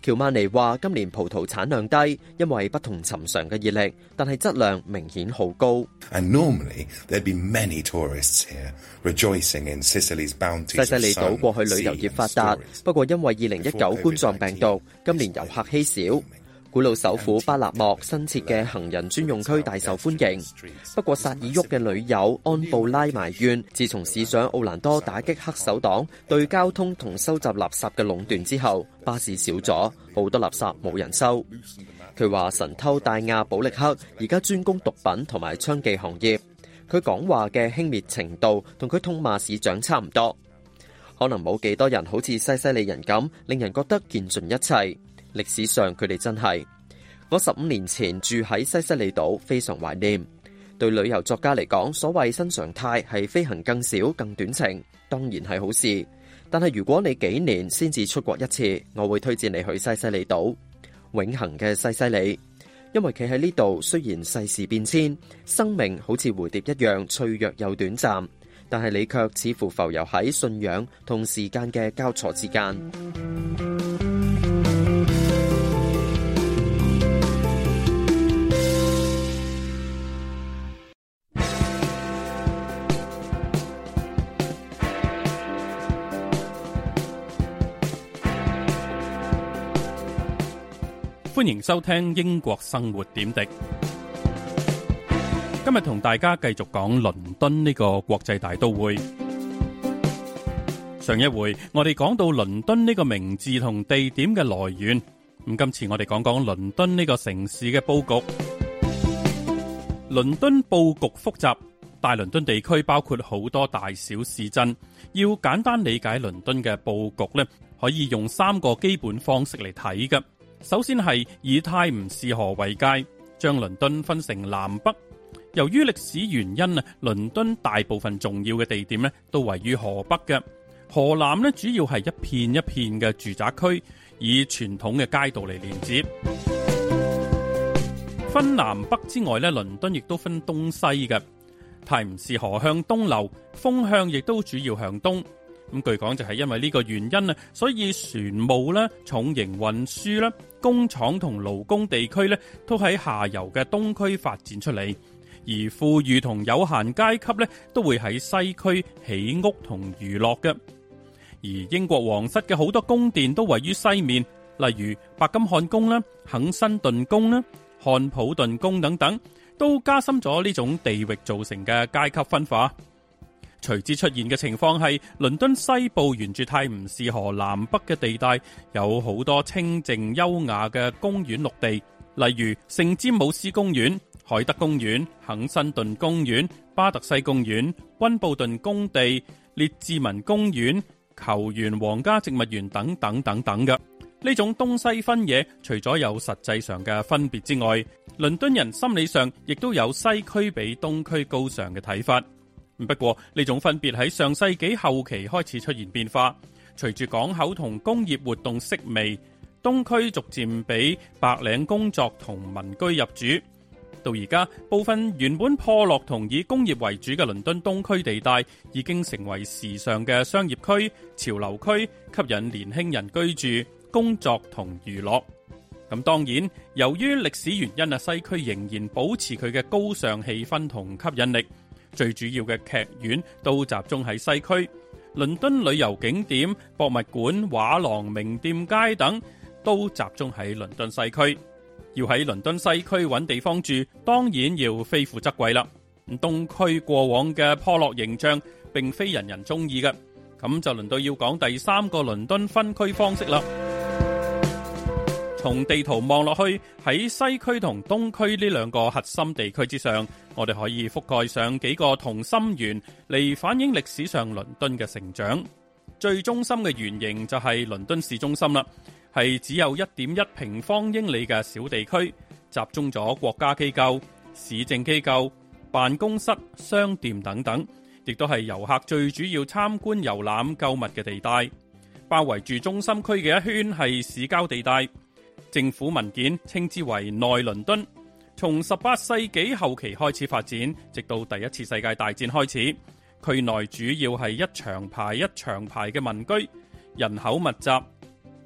喬曼尼話：今年葡萄產量低，因為不同尋常嘅熱力，但係質量明顯好高。西西里島過去旅遊業發達，不過因為2019冠狀病毒，今年遊客稀少。古老首府巴勒莫新設嘅行人專用區大受歡迎，不過薩爾沃嘅女友安布拉埋怨，自從市長奧蘭多打擊黑手黨對交通同收集垃圾嘅壟斷之後，巴士少咗好多，垃圾冇人收。佢話神偷大亞保力克而家專攻毒品同埋娼妓行業，佢講話嘅輕蔑程度同佢痛罵市長差唔多，可能冇幾多人好似西西里人咁，令人覺得見盡一切。歷史上佢哋真係。我十五年前住喺西西里島，非常懷念。對旅遊作家嚟講，所謂新常態係飛行更少、更短程，當然係好事。但係如果你幾年先至出國一次，我會推薦你去西西里島，永恆嘅西西里，因為企喺呢度，雖然世事變遷，生命好似蝴蝶一樣脆弱又短暫，但係你卻似乎浮游喺信仰同時間嘅交錯之間。歡迎收聽英國生活點滴。今日同大家繼續講倫敦呢個國際大都會。上一回我哋講到倫敦呢個名字同地點嘅來源，咁今次我哋講講倫敦呢個城市嘅布局。倫敦布局複雜，大倫敦地區包括好多大小市鎮。要簡單理解倫敦嘅布局呢，可以用三個基本方式嚟睇㗎。首先係以泰晤士河為界，將倫敦分成南北。由於歷史原因啊，倫敦大部分重要嘅地點咧都位於河北嘅。河南咧主要係一片一片嘅住宅區，以傳統嘅街道嚟連接。分南北之外咧，倫敦亦都分東西嘅。泰晤士河向東流，風向亦都主要向東。咁據講就係因為呢個原因啊，所以船務咧、重型運輸咧、工廠同勞工地區咧，都喺下游嘅東區發展出嚟；而富裕同有閒階級咧，都會喺西區起屋同娛樂嘅。而英國皇室嘅好多宮殿都位於西面，例如白金漢宮啦、肯辛頓宮啦、漢普頓宮等等，都加深咗呢種地域造成嘅階級分化。隨之出現嘅情況係，倫敦西部沿住泰晤士河南北嘅地帶，有好多清靜優雅嘅公園綠地，例如聖詹姆斯公園、海德公園、肯辛頓公園、巴特西公園、溫布頓公地、列治文公園、球園、皇家植物園等等等等嘅。呢種東西分野，除咗有實際上嘅分別之外，倫敦人心理上亦都有西區比東區高尚嘅睇法。不過呢種分別喺上世紀後期開始出現變化，隨住港口同工業活動式微，東區逐漸俾白領工作同民居入主。到而家，部分原本破落同以工業為主嘅倫敦東區地帶，已經成為時尚嘅商業區、潮流區，吸引年輕人居住、工作同娛樂。咁當然，由於歷史原因啊，西區仍然保持佢嘅高尚氣氛同吸引力。最主要嘅劇院都集中喺西區，倫敦旅遊景點、博物館、畫廊、名店街等都集中喺倫敦西區。要喺倫敦西區搵地方住，當然要非富則貴啦。東區過往嘅破落形象並非人人鍾意嘅，咁就輪到要講第三個倫敦分區方式啦。從地圖望落去，喺西區同東區呢兩個核心地區之上，我哋可以覆蓋上幾個同心圓嚟反映歷史上倫敦嘅成長。最中心嘅圓形就係倫敦市中心啦，係只有一點一平方英里嘅小地區，集中咗國家機構、市政機構、辦公室、商店等等，亦都係遊客最主要參觀、遊覽、購物嘅地帶。包圍住中心區嘅一圈係市郊地帶。政府文件稱之為內倫敦，從十八世紀後期開始發展，直到第一次世界大戰開始，區內主要係一長排一長排嘅民居，人口密集。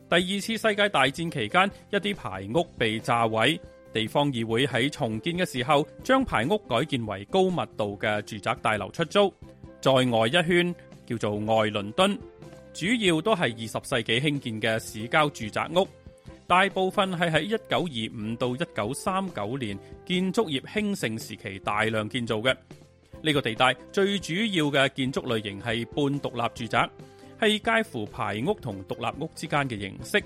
第二次世界大戰期間，一啲排屋被炸毀，地方議會喺重建嘅時候，將排屋改建為高密度嘅住宅大樓出租。在外一圈叫做外倫敦，主要都係二十世紀興建嘅市郊住宅屋。大部分係喺一九二五到一九三九年建築業興盛時期大量建造嘅。呢個地帶最主要嘅建築類型係半獨立住宅，係介乎排屋同獨立屋之間嘅形式，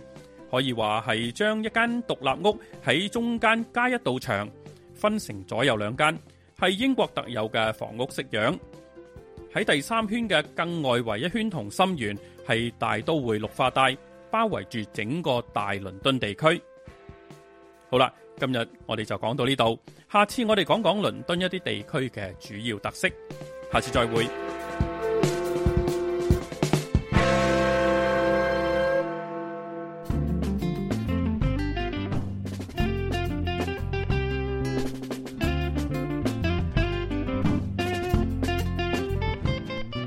可以話係將一間獨立屋喺中間加一道牆，分成左右兩間，係英國特有嘅房屋式樣。喺第三圈嘅更外圍一圈同心圓係大都會綠化帶。包圍住整個大倫敦地區。好啦，今日我哋就講到呢度。下次我哋講講倫敦一啲地區嘅主要特色。下次再會。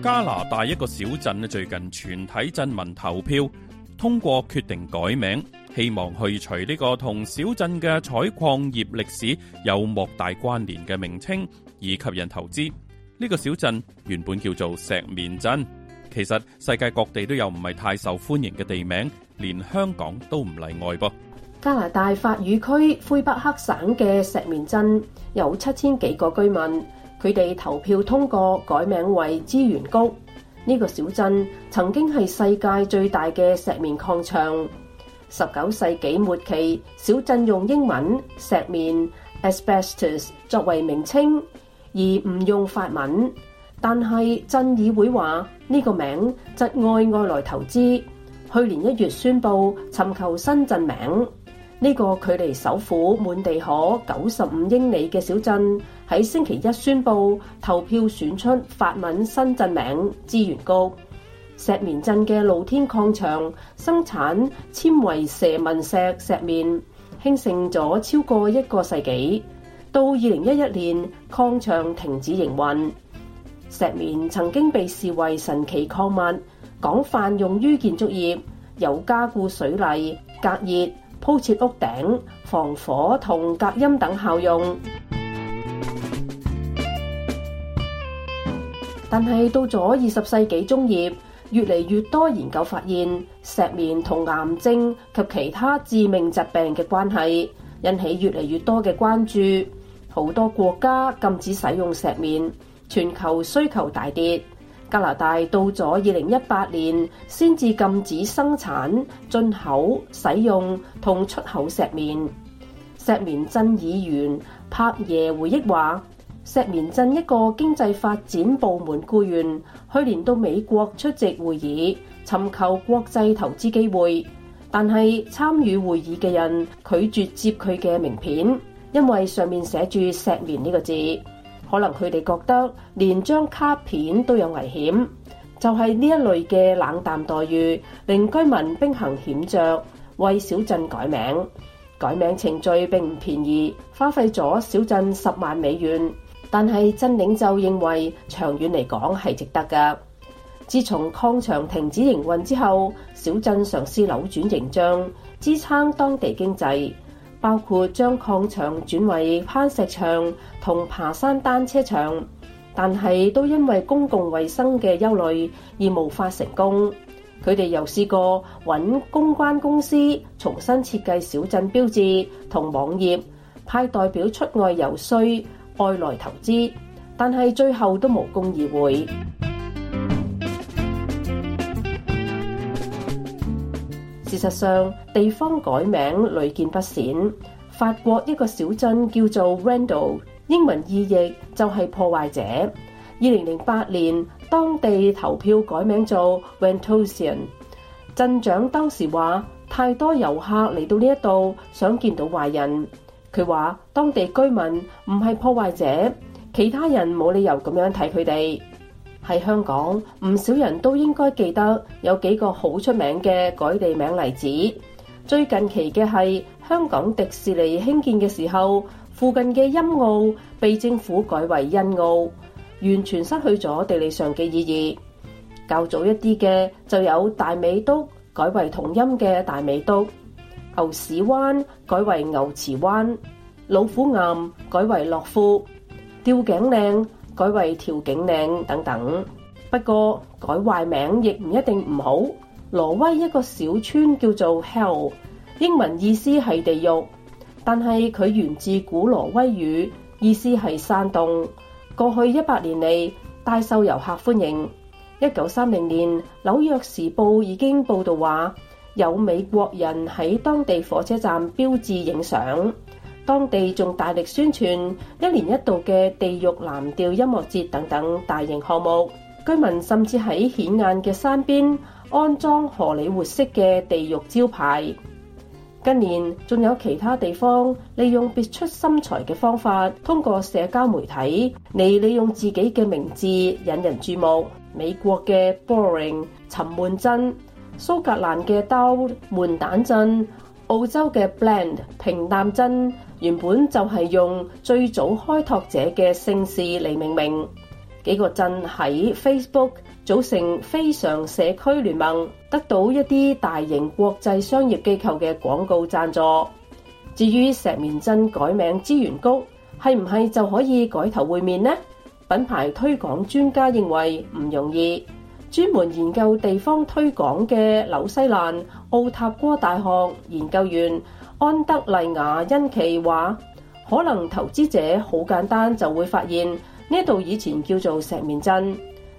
加拿大一個小鎮呢，最近全體鎮民投票。通過決定改名，希望去除呢個同小鎮嘅採礦業歷史有莫大關聯嘅名稱，以吸引投資。呢、呢個小鎮原本叫做石棉鎮，其實世界各地都有唔係太受歡迎嘅地名，連香港都唔例外噃。加拿大法語區魁北克省嘅石棉鎮有七千幾個居民，佢哋投票通過改名為資源谷。呢個小鎮曾經係世界最大嘅石棉礦場。十九世紀末期，小鎮用英文石棉 （asbestos） 作為名稱，而唔用法文。但係鎮議會話呢個名窒礙外來投資，去年一月宣布尋求新鎮名。呢個距離首府滿地可九十五英里嘅小鎮，喺星期一宣布投票選出法文新鎮名資源高。石棉鎮嘅露天礦場生產纖維蛇紋石石棉，興盛咗超過一個世紀。到二零一一年，礦場停止營運。石棉曾經被視為神奇礦物，廣泛用於建築業，有加固水泥、隔熱、鋪設屋頂、防火同隔音等效用。但係到咗二十世紀中葉，越嚟越多研究發現石棉同癌症及其他致命疾病嘅關係，引起越嚟越多嘅關注。好多國家禁止使用石棉，全球需求大跌。加拿大到咗二零一八年先至禁止生產、進口、使用同出口石棉。石棉鎮議員柏耶回憶話。石棉鎮一個經濟發展部門僱員去年到美國出席會議，尋求國際投資機會。但係參與會議嘅人拒絕接佢嘅名片，因為上面寫住石棉呢個字，可能佢哋覺得連張卡片都有危險。就係、是、呢一類嘅冷淡待遇，令居民兵行險着。為小鎮改名，改名程序並唔便宜，花費咗小鎮十萬美元。但係，鎮領袖認為長遠嚟講係值得㗎。自從礦場停止營運之後，小鎮嘗試扭轉形象，支撐當地經濟，包括將礦場轉為攀石場同爬山單車場，但係都因為公共衛生嘅憂慮而無法成功。佢哋又試過揾公關公司重新設計小鎮標誌同網頁，派代表出外游説。外來投資，但係最後都無功而回。事實上，地方改名屢見不鮮。法國一個小鎮叫做 Randall，英文意譯就係破壞者。二零零八年，當地投票改名做 Ventosian，鎮長當時話：太多遊客嚟到呢一度，想見到壞人。佢話：當地居民唔係破壞者，其他人冇理由咁樣睇佢哋。喺香港，唔少人都應該記得有幾個好出名嘅改地名例子。最近期嘅係香港迪士尼興建嘅時候，附近嘅陰澳被政府改為欣澳，完全失去咗地理上嘅意義。較早一啲嘅就有大美都改為同音嘅大美督。牛屎灣改為牛池灣，老虎岩改為樂富，吊頸嶺改為調景嶺等等。不過改壞名亦唔一定唔好。挪威一個小村叫做 Hell，英文意思係地獄，但係佢源自古挪威語，意思係山洞。過去一百年嚟大受遊客歡迎。一九三零年《紐約時報》已經報道話。有美國人喺當地火車站標誌影相，當地仲大力宣傳一年一度嘅地獄藍調音樂節等等大型項目。居民甚至喺顯眼嘅山邊安裝荷里活式嘅地獄招牌。近年仲有其他地方利用別出心裁嘅方法，通過社交媒體嚟利用自己嘅名字引人注目。美國嘅 Boring 沉悶真。蘇格蘭嘅刀門蛋鎮、澳洲嘅 blend 平淡鎮，原本就係用最早開拓者嘅姓氏嚟命名。幾個鎮喺 Facebook 組成非常社區聯盟，得到一啲大型國際商業機構嘅廣告贊助。至於石棉鎮改名資源谷，係唔係就可以改頭換面呢？品牌推廣專家認為唔容易。專門研究地方推廣嘅紐西蘭奧塔哥大學研究員安德麗亞恩奇話，可能投資者好簡單就會發現呢度以前叫做石棉鎮，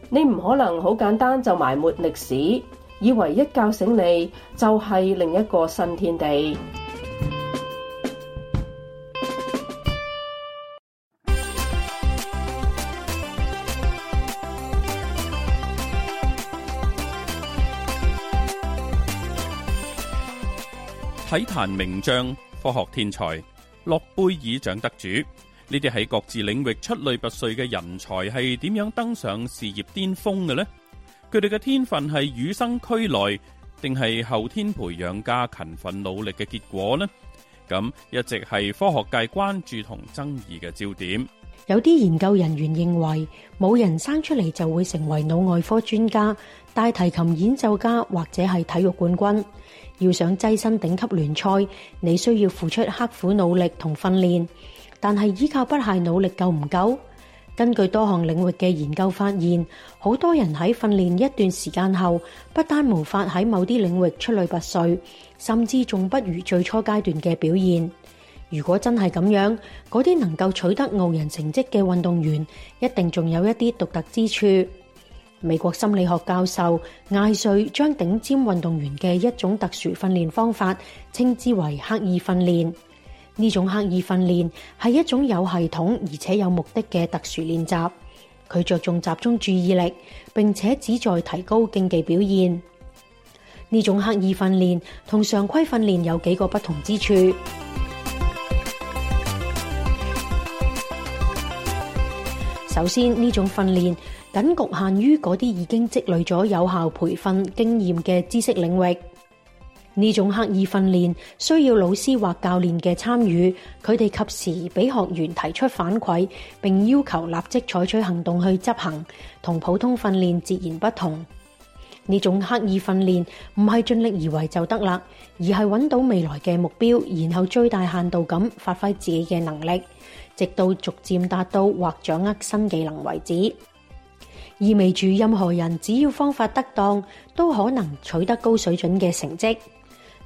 你唔可能好簡單就埋沒歷史，以為一覺醒你就係另一個新天地。體壇 [NOISE] 名將、科學天才、諾貝爾獎得主，呢啲喺各自領域出類拔萃嘅人才係點樣登上事業巔峰嘅呢？佢哋嘅天分係與生俱來，定係後天培養加勤奮努力嘅結果呢？咁一直係科學界關注同爭議嘅焦點。有啲研究人員認為，冇人生出嚟就會成為腦外科專家、大提琴演奏家或者係體育冠軍。要想躋身頂級聯賽，你需要付出刻苦努力同訓練，但係依靠不懈努力夠唔夠？根據多項領域嘅研究發現，好多人喺訓練一段時間後，不單無法喺某啲領域出類拔萃，甚至仲不如最初階段嘅表現。如果真係咁樣，嗰啲能夠取得傲人成績嘅運動員，一定仲有一啲獨特之處。美國心理學教授艾瑞將頂尖運動員嘅一種特殊訓練方法稱之為刻意訓練。呢種刻意訓練係一種有系統而且有目的嘅特殊練習，佢着重集中注意力，並且旨在提高競技表現。呢種刻意訓練同常規訓練有幾個不同之處。首先，呢種訓練。僅局限於嗰啲已經積累咗有效培訓經驗嘅知識領域。呢種刻意訓練需要老師或教練嘅參與，佢哋及時俾學員提出反饋，並要求立即採取行動去執行，同普通訓練截然不同。呢種刻意訓練唔係盡力而為就得啦，而係揾到未來嘅目標，然後最大限度咁發揮自己嘅能力，直到逐漸達到或掌握新技能為止。意味住任何人只要方法得當，都可能取得高水準嘅成績。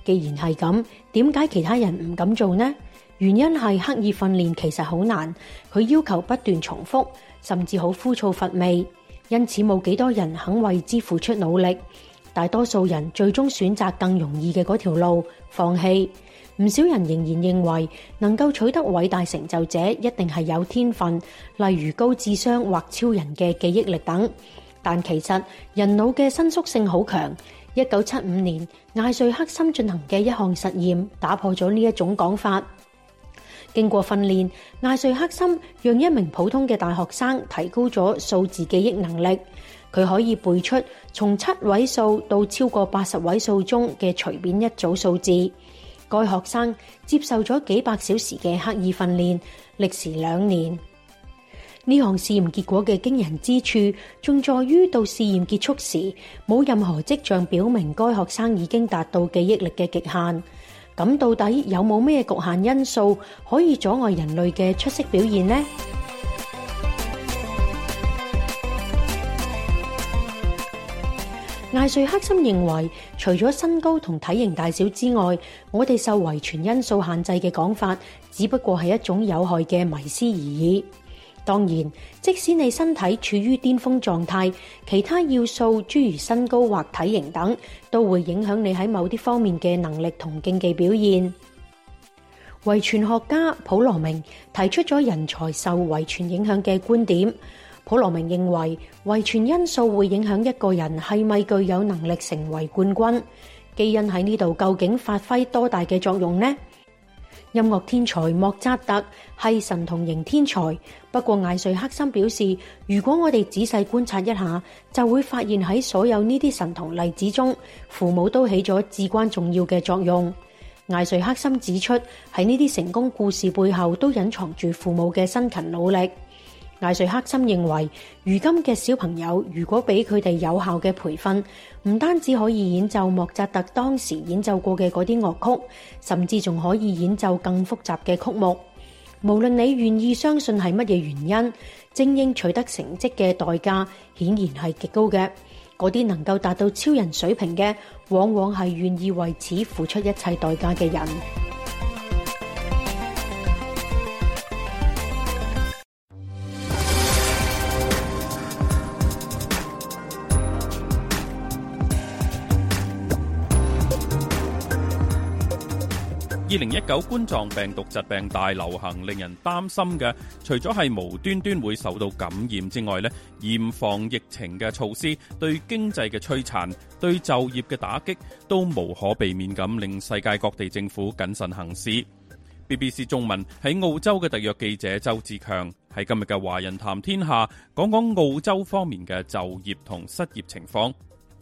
既然係咁，點解其他人唔敢做呢？原因係刻意訓練其實好難，佢要求不斷重複，甚至好枯燥乏味，因此冇幾多人肯為之付出努力。大多數人最終選擇更容易嘅嗰條路，放棄。唔少人仍然認為能夠取得偉大成就者一定係有天分，例如高智商或超人嘅記憶力等。但其實人腦嘅伸縮性好強。一九七五年，艾瑞克森進行嘅一項實驗打破咗呢一種講法。經過訓練，艾瑞克森讓一名普通嘅大學生提高咗數字記憶能力。佢可以背出從七位數到超過八十位數中嘅隨便一組數字。該學生接受咗幾百小時嘅刻意訓練，歷時兩年。呢項試驗結果嘅驚人之處，仲在於到試驗結束時，冇任何跡象表明該學生已經達到記憶力嘅極限。咁到底有冇咩局限因素可以阻礙人類嘅出色表現呢？艾瑞克森認為，除咗身高同體型大小之外，我哋受遺傳因素限制嘅講法，只不過係一種有害嘅迷思而已。當然，即使你身體處於巔峰狀態，其他要素諸如身高或體型等，都會影響你喺某啲方面嘅能力同競技表現。遺傳學家普羅明提出咗人才受遺傳影響嘅觀點。普羅明認為，遺傳因素會影響一個人係咪具有能力成為冠軍。基因喺呢度究竟發揮多大嘅作用呢？音樂天才莫扎特係神童型天才，不過艾瑞克森表示，如果我哋仔細觀察一下，就會發現喺所有呢啲神童例子中，父母都起咗至關重要嘅作用。艾瑞克森指出，喺呢啲成功故事背後都隱藏住父母嘅辛勤努力。艾瑞克森認為，如今嘅小朋友如果俾佢哋有效嘅培訓，唔單止可以演奏莫扎特當時演奏過嘅嗰啲樂曲，甚至仲可以演奏更複雜嘅曲目。無論你願意相信係乜嘢原因，精英取得成績嘅代價顯然係極高嘅。嗰啲能夠達到超人水平嘅，往往係願意為此付出一切代價嘅人。二零一九冠狀病毒疾病大流行令人擔心嘅，除咗係無端端會受到感染之外呢，嚴防疫情嘅措施對經濟嘅摧殘，對就業嘅打擊都無可避免咁令世界各地政府謹慎行事。BBC 中文喺澳洲嘅特約記者周志強喺今日嘅《華人談天下》講講澳洲方面嘅就業同失業情況。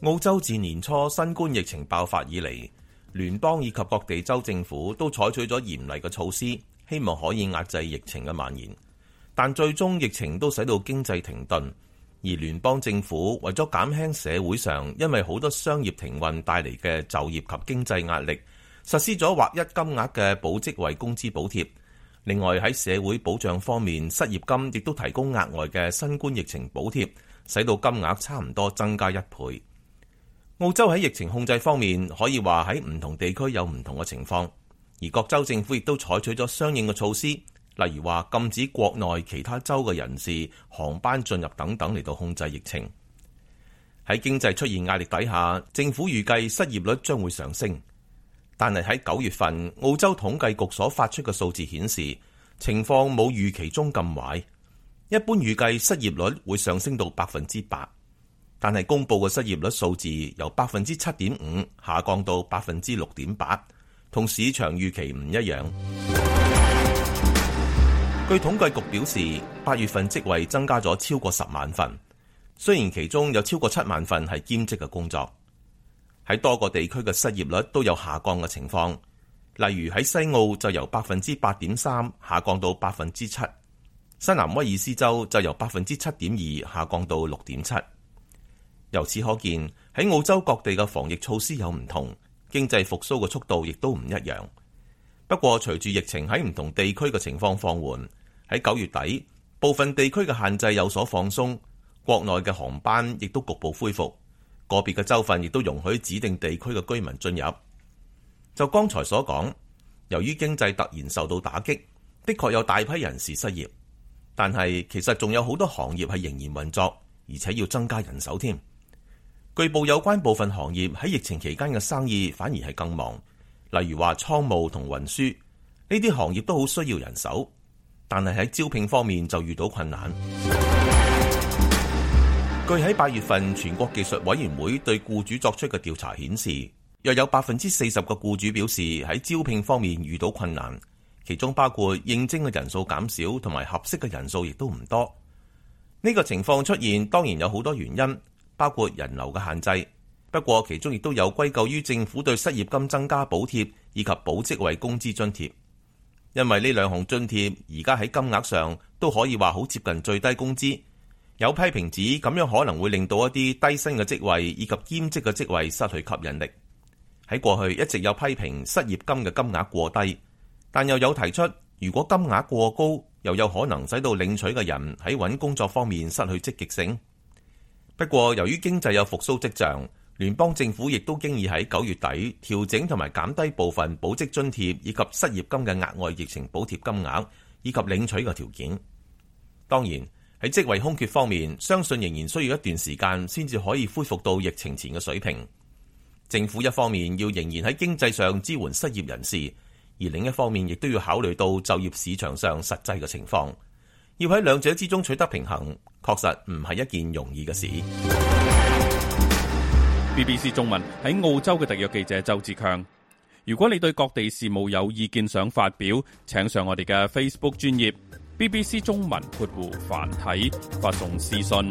澳洲自年初新冠疫情爆發以嚟，聯邦以及各地州政府都採取咗嚴厲嘅措施，希望可以壓制疫情嘅蔓延。但最終疫情都使到經濟停頓，而聯邦政府為咗減輕社會上因為好多商業停運帶嚟嘅就業及經濟壓力，實施咗劃一金額嘅保職為工資補貼。另外，喺社會保障方面，失業金亦都提供額外嘅新冠疫情補貼，使到金額差唔多增加一倍。澳洲喺疫情控制方面，可以話喺唔同地區有唔同嘅情況，而各州政府亦都採取咗相應嘅措施，例如話禁止國內其他州嘅人士航班進入等等嚟到，控制疫情。喺經濟出現壓力底下，政府預計失業率將會上升，但係喺九月份澳洲統計局所發出嘅數字顯示，情況冇預期中咁壞，一般預計失業率會上升到百分之八。但係公布嘅失業率數字由百分之七點五下降到百分之六點八，同市場預期唔一樣。據統計局表示，八月份職位增加咗超過十萬份，雖然其中有超過七萬份係兼職嘅工作。喺多個地區嘅失業率都有下降嘅情況，例如喺西澳就由百分之八點三下降到百分之七，新南威爾斯州就由百分之七點二下降到六點七。由此可見，喺澳洲各地嘅防疫措施有唔同，經濟復甦嘅速度亦都唔一樣。不過，隨住疫情喺唔同地區嘅情況放緩，喺九月底，部分地區嘅限制有所放鬆，國內嘅航班亦都局部恢復，個別嘅州份亦都容許指定地區嘅居民進入。就剛才所講，由於經濟突然受到打擊，的確有大批人士失業，但係其實仲有好多行業係仍然運作，而且要增加人手添。據報有關部分行業喺疫情期間嘅生意反而係更忙，例如話倉務同運輸呢啲行業都好需要人手，但係喺招聘方面就遇到困難。 [NOISE] 據喺八月份全國技術委員會對雇主作出嘅調查顯示，約有百分之四十嘅雇主表示喺招聘方面遇到困難，其中包括應徵嘅人數減少同埋合適嘅人數亦都唔多。呢、呢個情況出現當然有好多原因。包括人流嘅限制，不過其中亦都有歸咎於政府對失業金增加補貼，以及保職位工資津貼，因為呢兩項津貼而家喺金額上都可以話好接近最低工資。有批評指咁樣可能會令到一啲低薪嘅職位以及兼職嘅職位失去吸引力。喺過去一直有批評失業金嘅金額過低，但又有提出，如果金額過高，又有可能使到領取嘅人喺揾工作方面失去積極性。不過，由於經濟有復甦跡象，聯邦政府亦都經已喺九月底調整同埋減低部分保職津貼以及失業金嘅額外疫情補貼金額以及領取嘅條件。當然，喺職位空缺方面，相信仍然需要一段時間先至可以恢復到疫情前嘅水平。政府一方面要仍然喺經濟上支援失業人士，而另一方面亦都要考慮到就業市場上實際嘅情況。要喺兩者之中取得平衡，確實唔係一件容易嘅事。BBC 中文喺澳洲嘅特約記者周志強，如果你對各地事務有意見想發表，請上我哋嘅 Facebook 專業 BBC 中文括弧繁體發送私信。